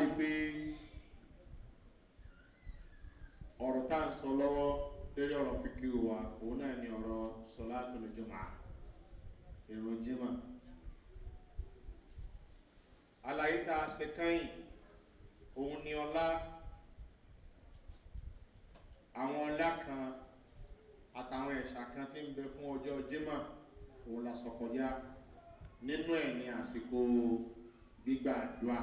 rí i pé ọ̀rọ̀ tá à ń sọ lọ́wọ́ lórí ọ̀rọ̀ pínkì wa òun náà ni ọ̀rọ̀ sọlá àtúnjọmọ́ ìrùn jimá àlàyé tá a ṣe káyìn òun ni ọlá àwọn ọlá kan àtàwọn ẹ̀ṣà kan ti ń bẹ fún ọjọ́ jimá òun la sọ kọjá nínú ẹ̀ ní àsìkò gbígbà àdúrà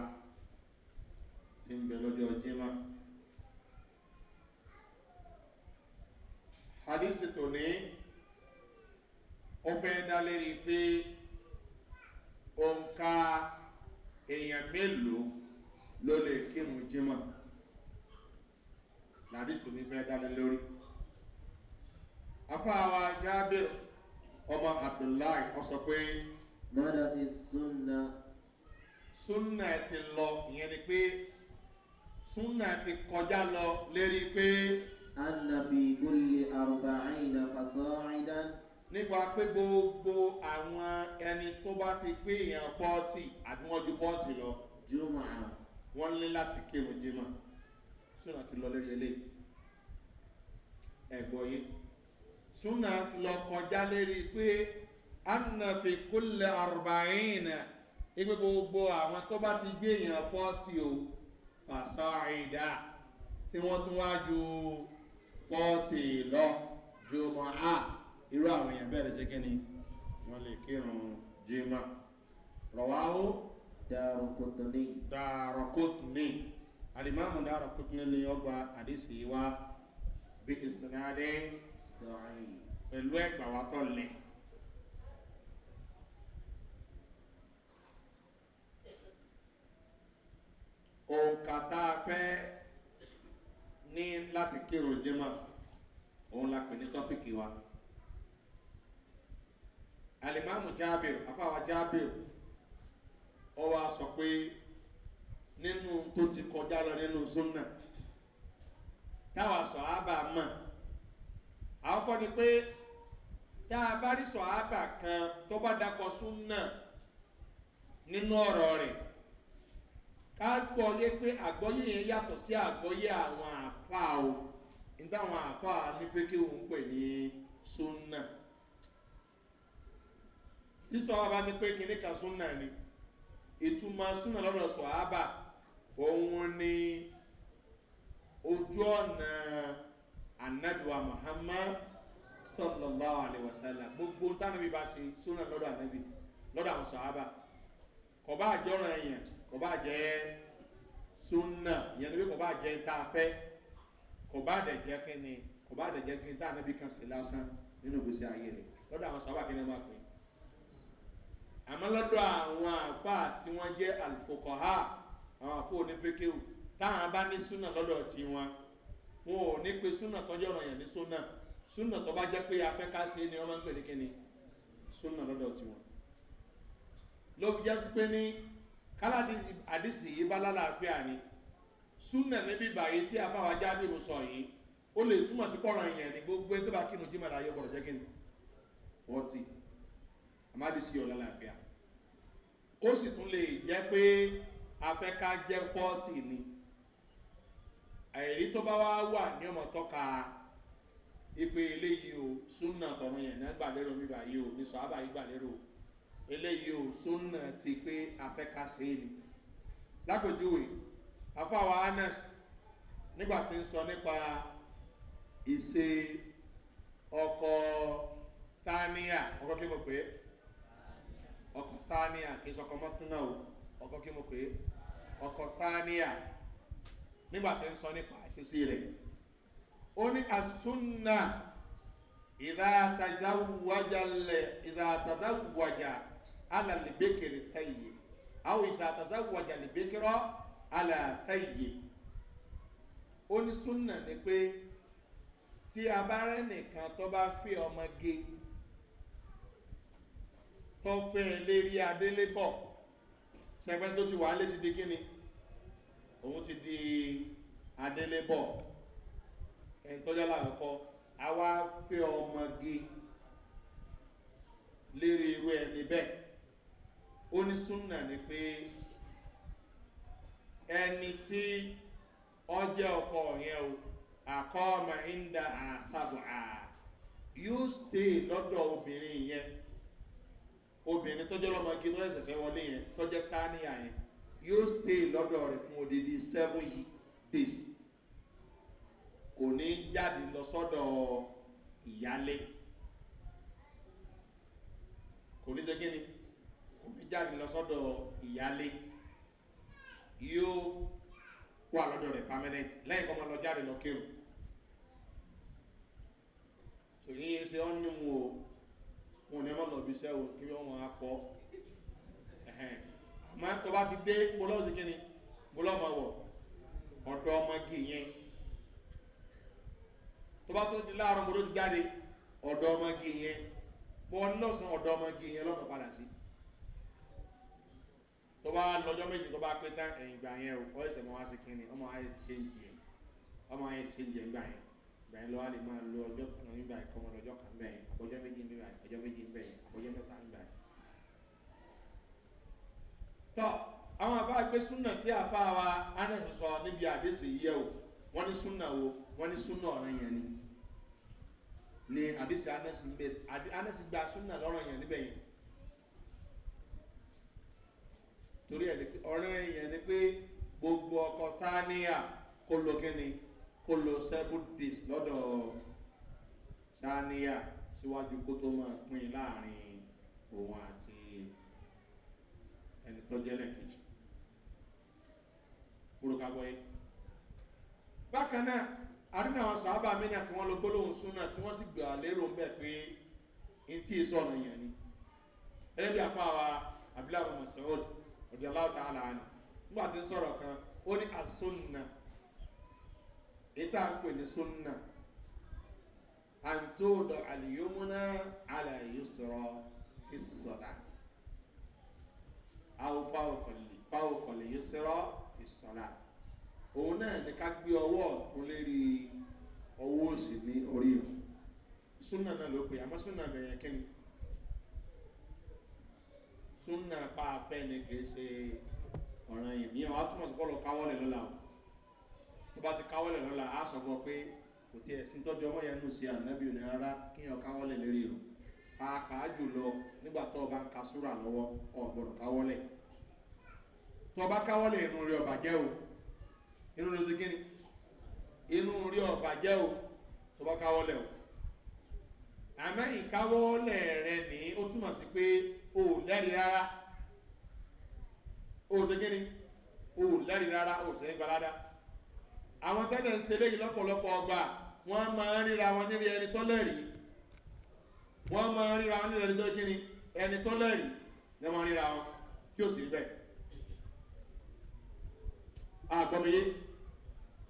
tí ń bẹ lọ́jọ́ jímá hadisi tó ní ó fẹ́ dá lérí pé òǹkà èèyàn mélòó ló lè kírun jímá hadisi tó ní fẹ́ dá lórí afáwa jábìrì ọmọ abdullahi ọsọ pé mọ́dá ti súnna súnna ti lọ ìyẹn ni pé súnà ti kọjá lọ lérí pé. annabi kulli arba'ina fasa'idan. nípa pé gbogbo àwọn ẹni tó bá ti pé èèyàn fọ́ọ̀tì àbí wọ́n ju fọ́ọ̀tì lọ. jùmọ̀ wọ́n lé láti kírun jímọ̀ súnà ti lọ lérí eléyìí ẹ̀gbọ́ yìí súnà lọ kọjá lérí pé annabi kulli arba'ina ìgbé gbogbo àwọn tó bá ti gé èèyàn fọ́ọ̀tì o fasaida tí wọ́n tún wá ju fọ́ọ̀tì lọ jùmọ̀ á irú àwọn èèyàn bẹ̀rẹ̀ ṣe kí ni wọ́n lè kírun jimá rọ̀wáwó dàrọ̀kùtùnì dàrọ̀kùtùnì alimamu dàrọ̀kùtùnì ni ọgbà àdísì wá bí ìsìnàdé pẹ̀lú ẹgbàwátọ̀ òǹkà tá a fẹ́ ní láti kírò jẹ́mà òun la pè ní tọ́pìkì wa alimamu jaabir afáwa jaabir ọ wa sọ pé nínú tó ti kọjá lọ nínú sunna táwa sọ ábà mọ àwọn kọ́ ni pé tá a bá rí sọ ábà kan tó bá dakọ sunna nínú ọ̀rọ̀ rẹ̀ ká gbọ́ yé pé àgbọ́yé yẹn yàtọ̀ sí àgbọ́yé àwọn àfa o níta àwọn àfa ní pé kí òun pè ní sunna sísọ ọba ní pé kíní kan sunna ni ìtumọ̀ sunna lọ́dọ̀ sọ ábà òun ni ojú ọ̀nà anabiwa muhammad sallallahu alaihi wasallam gbogbo tánàbí bá ṣe sunna lọ́dọ̀ anabi lọ́dọ̀ àwọn sọ ábà kọ̀bá àjọràn èèyàn kọ̀bá jẹ́ súnà ìyẹn ni pé kọ̀bá jẹ́ tá a fẹ́ kọ̀bá àdẹ̀jẹ́ kí ni kọ̀bá àdẹ̀jẹ́ kí ni tá a níbi kan sí lásán nínú gbèsè ayé rẹ̀ lọ́dọ̀ àwọn sábà kí ni máa pè é àmọ́ lọ́dọ̀ àwọn àfáà tí wọ́n jẹ́ àlùfòkọ̀há àwọn àfó onífẹ́kéwù táwọn bá ní súnà lọ́dọ̀ tí wọn wọn ò ní pe súnà tọ́jọ́ ọ̀rọ̀ ní súnà súnà tó bá jẹ́ pé afẹ́ká ṣe ni wọ́n máa ń pè ní kíni súnà lọ́dọ̀ tí wọn ló fi jásí pé ní káládì àdìsí yìí bá lálàáfíà ni súnà níbi báyìí tí afáwa jáde mo sọ yìí ó lè túmọ̀ sí pọ̀rọ̀ èèyàn ní gbogbo ẹni tó bá kínú jí màdá yóò gbọ́dọ̀ jẹ́ kínú fọ́tì àmádìsí yóò lálàáfíà ó sì tún lè jẹ́ pé afẹ́ká jẹ́ fọ́tì ni àìrí tó bá wá wà ní ọmọ tọ́ka ipe eléyìí o súnà tọ̀run yẹn náà gbà lérò mi báyìí o ní sọ àbáyé gbà lérò o eléyìí ò sónà ti pé afẹ́kàṣe ni lápèjúwe afáwa anas nígbà tí ń sọ nípa ìṣe ọkọ tania ọkọ kí mo pè ọkọ tania kì í sọ ọkọ mọ́túnà o ọkọ kí mo pè ọkọ tania nígbà tí ń sọ nípa ìṣesí rẹ̀ ó ní asúnà ìdá àtàjáwájà lẹ̀ ìdá àtàjáwájà ala libekere tẹyẹ awo ìṣàtàzà تزوج libekerọ ala tẹyẹ ó ní súnà ni pé tí a bá rẹ nìkan tó bá fi ọmọge tó fẹ́ lérí adélébọ̀ sẹpẹ́ tó ti wà á lé ti di kíni òun ti di adélébọ̀ ẹni tọ́jà làkọ́kọ́ àwa fẹ́ ọmọge lérí irú ẹni bẹ́ẹ̀ ó ní súnà ni pé ẹni tí ọjẹ́ ọkọ yẹn o àkọ́ ọmọ ìndà àṣàbọ̀ à yóò stay lọ́dọ̀ obìnrin yẹn obìnrin tọ́jọ́ lọ́mọge tó ẹ̀sẹ̀ fẹ́ wọlé yẹn tọ́jẹ́ káníyà yẹn yóò stay lọ́dọ̀ rẹ̀ fún odidi seven days kò ní jáde lọ sọ́dọ̀ ìyálé kò ní ṣe ni òfin jáde lọ sọ́dọ̀ ìyálé yóò wà lọ́dọ̀ rẹ̀ permanent lẹ́yìn kọ́ máa lọ jáde lọ kéwù tòyìn ṣe ọ́ ní wọn o wọn ò ní ọmọ lọ bí iṣẹ́ o kí wọ́n máa kọ́ àmọ́ tó bá ti dé polówósì kí ni polówó wọ̀ ọ̀dọ́ ọmọge yẹn tó bá tó di láàárọ̀ mo ló ti jáde ọ̀dọ́ ọmọge yẹn bọ́ọ̀ lọ́sàn-án ọ̀dọ́ ọmọge yẹn lọ́kàn padà sí i tó bá lọ́jọ́ méjì tó bá pé tán ẹ̀yìn ìgbà yẹn o ọ ẹsẹ̀ mọ́ wá sí kínní ọmọ ayé ṣe ń jẹ ọmọ ayé ṣe ń jẹ ìgbà yẹn ìgbà yẹn lọ wá lè máa lo ọjọ́ kan nígbà yẹn kọ́mọ lọ́jọ́ kan bẹ́ẹ̀ yẹn àbọ̀jọ́ méjì ń bẹ̀rẹ̀ àbọ̀jọ́ méjì ń bẹ̀rẹ̀ àbọ̀jọ́ mẹ́ta ń bẹ̀rẹ̀. tọ́ àwọn àbá gbé súnà tí àfa wa ánàtì níbi àdéṣe yẹ o wọ́n ní súnà wo wọ́n ní súnà ọ̀ràn yẹn ni ni àdéṣe anẹ́sì gbà súnà lọ́rọ̀ yẹn níbẹ̀ yẹn torí ẹ̀ ní ọ̀rẹ́ yẹn ni pé gbogbo ọkọ táníà kó lo kíni kó lo seven days lọ́dọ̀ táníà síwájú kó tó máa pín láàrin òun àti ẹni tó jẹ́ lẹ́kejì burúkú bọ́yé bákan náà àrínà àwọn sàábà mẹ́nà tí wọ́n lo gbólóhùn súnà tí wọ́n sì gbà lérò ń bẹ̀ pé n tí ì sọ̀rọ̀ yẹn ni ẹgbẹ́ àfáà wa abdullahi mas'ud ọ̀dí aláwọ̀ta aláàánú nígbà tí ń sọ̀rọ̀ kan ó ní asúnna ìta ń pè ní súnna àǹtóòdọ̀ àlìyómúná alàyísọ̀rọ̀ ìsọ̀dá àwọn fáwọkọ̀lẹ̀ yísọ̀rọ̀ ìsọ̀dá òun náà ní ká gbé ọwọ́ ọ̀tún lérí ọwọ́ òsì ní orí rẹ̀ súnna náà ló pè àmọ́ súnna bẹ̀yẹn kẹ́ni súnà pa afẹ́ ni kì í ṣe ọ̀ràn yìí ní àwọn atúmọ̀ sí kọ́ lọ káwọ́lẹ̀ lọ́la o tó bá ti káwọ́lẹ̀ lọ́la á sọ fún ọ pé kò tiẹ̀ sí tọ́jú ọmọ yẹn nù sí ànábì òní rárá kí yẹn káwọ́lẹ̀ lérí o pàápàá jùlọ nígbà tó o bá ka súrà lọ́wọ́ ọ̀ gbọ́dọ̀ káwọ́lẹ̀ tó o bá káwọ́lẹ̀ inú rí ọba o inú rí o sí kíni inú rí ọba o tó o bá o àmọ́ ìkáwọ́lẹ̀ rẹ ní ó túmọ̀ sí pé o ò lẹ́rìí rárá o ṣe kí ni o ò lẹ́rìí rárá o ṣe ní gbalada àwọn tẹ́lẹ̀ ń ṣe léyìí lọ́pọ̀lọpọ̀ ọgbà wọ́n máa ń ríra wọn nírí ẹni tó lẹ́rìí wọ́n máa ń ríra wọn nírí ẹni tó kí ni ẹni tó lẹ́rìí ní wọ́n ríra wọn tí ó sì rí bẹ́ẹ̀ àgbọ̀mìyé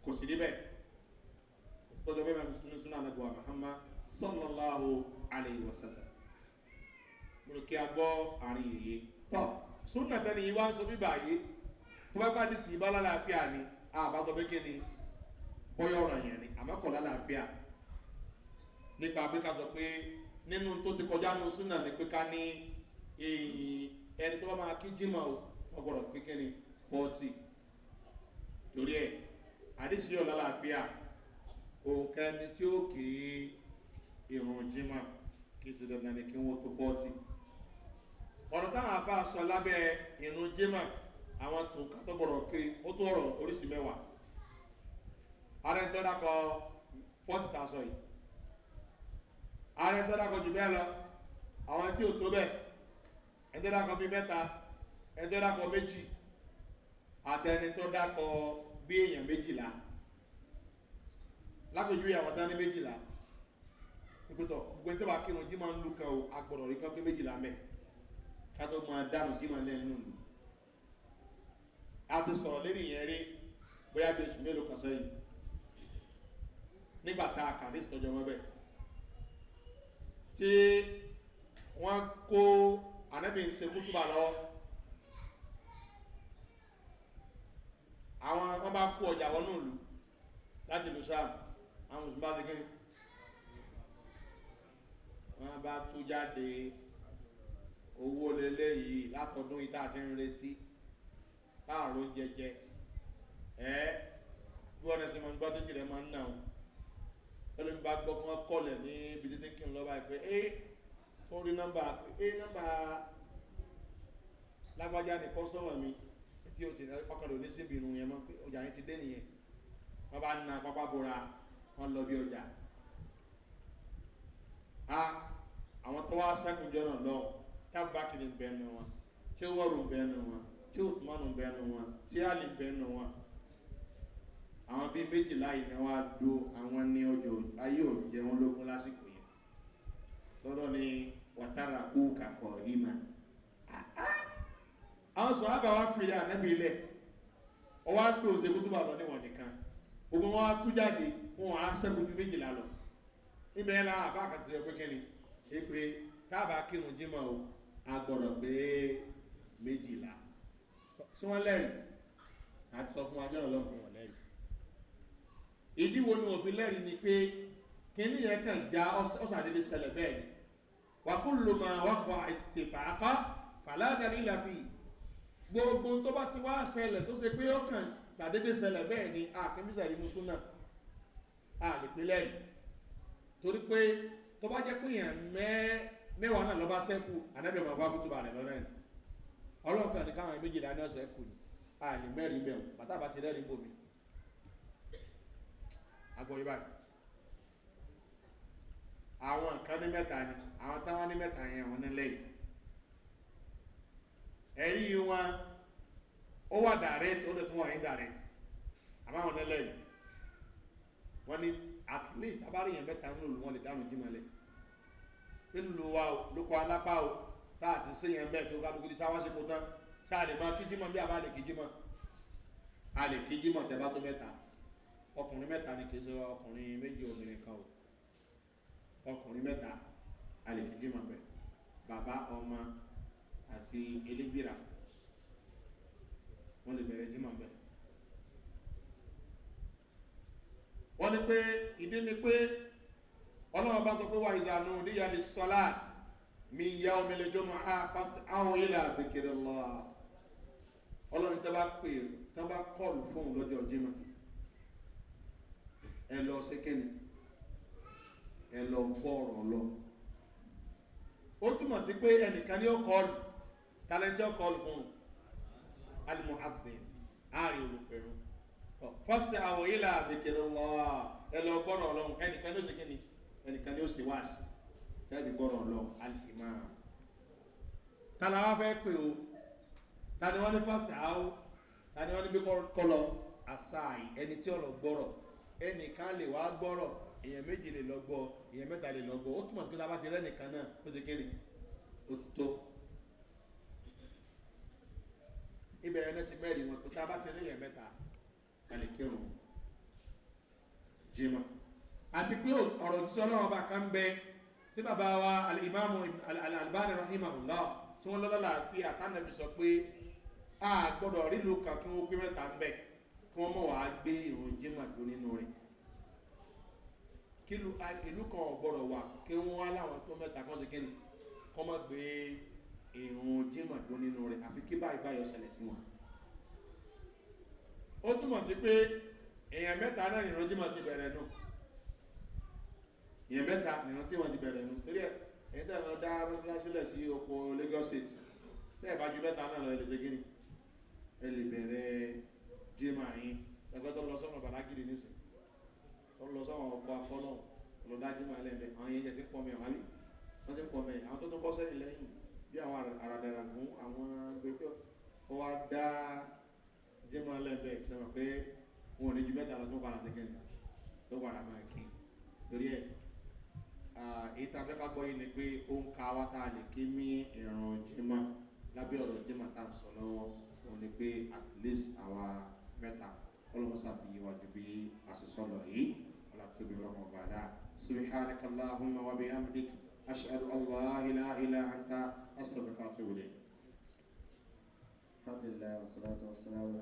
kò sì rí bẹ́ẹ̀ tọ́jọ́ bẹ́ẹ̀ mẹ́rin sunu sunu ànàgbọ̀ Muhammad sọlọ́láhu aleyhi wa sallam múlò kí a gbọ́ àárín yìí tọ́ súnà tẹ́ni yìí wá ń sọ bí báyìí tó bá bá ní sí ibà lálàáfíà ni àbá sọ pé kí ni bọ́yọ̀ ọ̀ràn yẹn ni àmọ́ lálàáfíà nípa pé ká sọ pé nínú tó ti kọjá nu súnà ni pé ká ní ẹni tó bá máa kí jimá o pé kí ni fọ́ọ̀tì torí ẹ̀ àdéṣe lálàáfíà òǹkà tí ó kéé ìrùn jimá kí ṣe dandan ni kí wọ́n tó fọ́ọ̀tì ọ̀rọ̀ táwọn afá sọ lábẹ́ ìrùn jimá àwọn tó kátọ́gbọ̀rọ̀ kí ó tó ọ̀rọ̀ oríṣi mẹ́wàá ààrẹ tó dákọ̀ fọ́ọ̀tì tá a sọ yìí ààrẹ tó dákọ̀ jù bẹ́ẹ̀ lọ àwọn tí ò tó bẹ́ẹ̀ ẹ̀ tó bíi mẹ́ta ẹ̀ tó méjì àtẹni tó dákọ̀ bí èèyàn méjìlá lápèjúwe àwọn tán méjìlá ìpótọ̀ gbogbo ẹni tó bá kírun jí máa ń lu kan o agbọ̀rọ̀ rí kan pé méjìlá mẹ́ ká tó máa dànù jí máa lẹ́nu lù a ti sọ̀rọ̀ lórí ìyẹn rí bóyá bí oṣù mélòó kan sẹ́yìn nígbà tá a kà ní ìsọjọ́ wọn tí wọ́n kó ànábì ń se kútùbà lọ́wọ́ àwọn wọn bá kó ọjà wọnú ìlú láti lù sáà àwọn òṣùpá ti kéré wọ́n bá tú jáde owó lélẹ́ yìí látọdún ìta àti ń táàrò jẹjẹ ẹ́ bí wọ́n ṣe mọ́ gbọ́ tó tilẹ̀ máa ń nà wọn bá gbọ́ fún ọkọlẹ̀ ní ibi títí kí n lọ́ba ìpẹ́ ẹ́ tó rí nọ́mbà ẹ́ nọ́mbà lágbájá ní kọ́sọ́mọ̀ mi tí ó ti ọkàn lò ní síbi yẹn mọ́ pé ọjà yẹn ti dé nìyẹn wọ́n bá ń na pápá bora wọ́n lọ bí ọjà a àwọn tó wá sẹ́kùnjọ́ náà lọ́wọ́ tábàkì ní bẹ́ẹ̀ nù wọn tí ó wọ́rùn bẹ́ẹ̀ nù wọn tí usmanu bẹnu wọn tí ali bẹnu wọn àwọn bíi méjìlá yìí ni wọn á do àwọn ní ọjọ ayé òjẹ wọn lógún lásìkò yẹn tọdọ ni wàtara kú kakọ ìmà àwọn sọ ábà wá fìrí ànábì ilẹ ọwọ àti òsèkútùbà lọ níwọn nìkan gbogbo wọn á tú jáde wọn á sẹkùn ju méjìlá lọ ibẹ̀ la àbá àkàtà sọ pé kẹ́ni èpè táàbà kírun jímọ̀ o agbọ̀rọ̀ pé méjìlá sí wọ́n lẹ́rìn àti sọ fún ajọ́rọ̀ lọ́wọ́ fún wọn lẹ́rìn ìdí wo ni òfin lẹ́rìn ni pé kíní yẹn kàn já ọ̀sàdédé ṣẹlẹ̀ bẹ́ẹ̀ ni wàkúlù máa wákọ̀ ìtìfàákọ́ fàládàrí ìlàfi gbogbo tó bá ti wá ṣẹlẹ̀ tó ṣe pé ó kàn ṣàdédé ṣẹlẹ̀ bẹ́ẹ̀ ni àkínísàrí musulman àlèpínlẹ̀ yìí torí pé tó bá jẹ́ pé èèyàn mẹ́wàá náà lọ́ba sẹ́kù ànábì ọmọ ọba kútu bá rẹ̀ lọ́nà ẹ̀ ọlọ́run kan ní káwọn méjì dání ọ̀sẹ̀ kù ní àní mẹ́rin bẹ̀rù bàtà bá ti rẹ́rìn bòmí agbóyí báyìí àwọn nǹkan ní mẹ́ta ni àwọn táwọn ní mẹ́ta yẹn wọn ní lẹ́yìn ẹ̀yìn wọn ó wà direct ó lè tún wọ̀nyí direct àbáwọn ní lẹ́yìn wọ́n ní at least abárí yẹn mẹ́ta nínú olùwọ́n lè dáhùn jímọ̀ lẹ̀ nínú ló wa o ló kọ́ alápá o tá a ti sí yẹn bẹ́ẹ̀ tí ó kálukú ti sáwá ṣe kó tán ṣáà lè máa kí jímọ̀ bí àbá lè kí jímọ̀ a lè kí jímọ̀ tẹ́ bá tó mẹ́ta ọkùnrin mẹ́ta ni kì í ṣe ọkùnrin méjì obìnrin kan o ọkùnrin mẹ́ta a lè kí jímọ̀ bẹ́ẹ̀ bàbá ọmọ àti elégbèrà wọ́n lè bẹ̀rẹ̀ jímọ̀ bẹ́ẹ̀. wọ́n ní pé ìdí ni pé ọlọ́wọ́ bá sọ pé wà ìzànú níyà ní sọ́láàt mi ya omi lè jọmọ̀ á fásí àwọn ilẹ̀ àbẹ̀kẹ̀rẹ̀ lọ ọlọ́run tẹ́ bá pè tẹ́ bá kọlù fóun lọ́jọ́ jimá ẹ lọ sékẹ́ni ẹ lọ gbọ́ ọ̀rọ̀ lọ ó túmọ̀ sí pé ẹnìkan ní ó kọlù tálẹ́ntì fóun alimọ̀ abdul ari olùpẹ̀rún fọ́sì àwọ̀ ilà àbìkìrì lọ ẹ lọ gbọ́rọ̀ ọlọ́run ẹnìkan ló ṣe kí ni ẹnìkan ló ṣe wáàsì tẹ́lẹ̀ gbọ́rọ̀ lọ alìmá tààlà wá fẹ́ pè o tààlà wọ́n ní fọ́sì àwọ̀ tààlà wọ́n ní bí kọ́lọ àsáàì ẹni tí ọ̀rọ̀ gbọ́rọ̀ ẹnìkan lè wá gbọ́rọ̀ èèyàn méjì lè lọ gbọ́ èèyàn mẹ́ta lè lọ gbọ́ ó túmọ̀ sí náà ti mẹ́rin wọn kò tá a bá ti rí èèyàn mẹ́ta kalẹ̀ kírun jimá àti pé ọ̀rọ̀ jíṣẹ́ ọlọ́run bá kan bẹ tí bàbá wa alìmáàmù alàlbáni rahimahullah tí wọ́n lọ́lọ́lá fi àtànàbí sọ pé a gbọ́dọ̀ rílù kan kí wọ́n gbé mẹ́ta ń bẹ̀ kí wọ́n mọ̀ wá gbé ìrùn jimá dó nínú rẹ̀ kílù ìlú kan ọ̀gbọ̀rọ̀ wà kí wọ́n wá láwọn tó mẹ́ta kan sí kíni kọ́ mọ́ gbé ìrùn jimá dó nínú rẹ̀ àfi kí báyìí báyìí ọ̀ṣẹ̀lẹ̀ sí wọn ó túmọ̀ sí pé èèyàn mẹ́ta náà ìran jímọ̀ ti bẹ̀rẹ̀ nù èèyàn mẹ́ta ìran tí wọ́n ti bẹ̀rẹ̀ nù torí ẹ̀ ẹ̀yìn tẹ̀ lọ dá lásìlẹ̀ sí oko Lagos State tẹ́ ẹ̀ bá ju mẹ́ta náà lọ ẹ̀ lè ṣe kíni ẹ̀ lè bẹ̀rẹ̀ jímọ̀ yín ẹgbẹ́ tó lọ sọ́nà bàlágìrì nísìn tó lọ sọ́nà ọkọ̀ afọ́nà lọ́dá jímọ̀ ẹlẹ́mẹ̀ lẹ́yìn àwọn àràdàrà fún àwọn gbẹ́tọ̀ kọ́ wa dáa jẹ́mọ́ lẹ́bẹ̀ẹ́ sẹ́wọ̀n pé wọn ò ní ju mẹ́ta lọ tó padà sẹ́kẹ̀ndì tó padà máa kí torí ẹ̀ ìta fẹ́ ká gbọ́ yìí ni pé ó ń ka wá tá a lè kí ní ìràn jẹ́mọ́ lábẹ́ ọ̀rọ̀ jẹ́mọ́ tá a sọ lọ́wọ́ òun ni pé at least àwa mẹ́ta ọlọ́mọsá fi yí wájú bí àṣìṣọ́ lọ yìí ọlọ́túbi ọlọ́mọ bàdá subhanaka allahumma wa bihamdik ashhadu an la ilaha illa anta astaghfiruka wa atubu ilayk. alhamdulillah wa salatu wa salam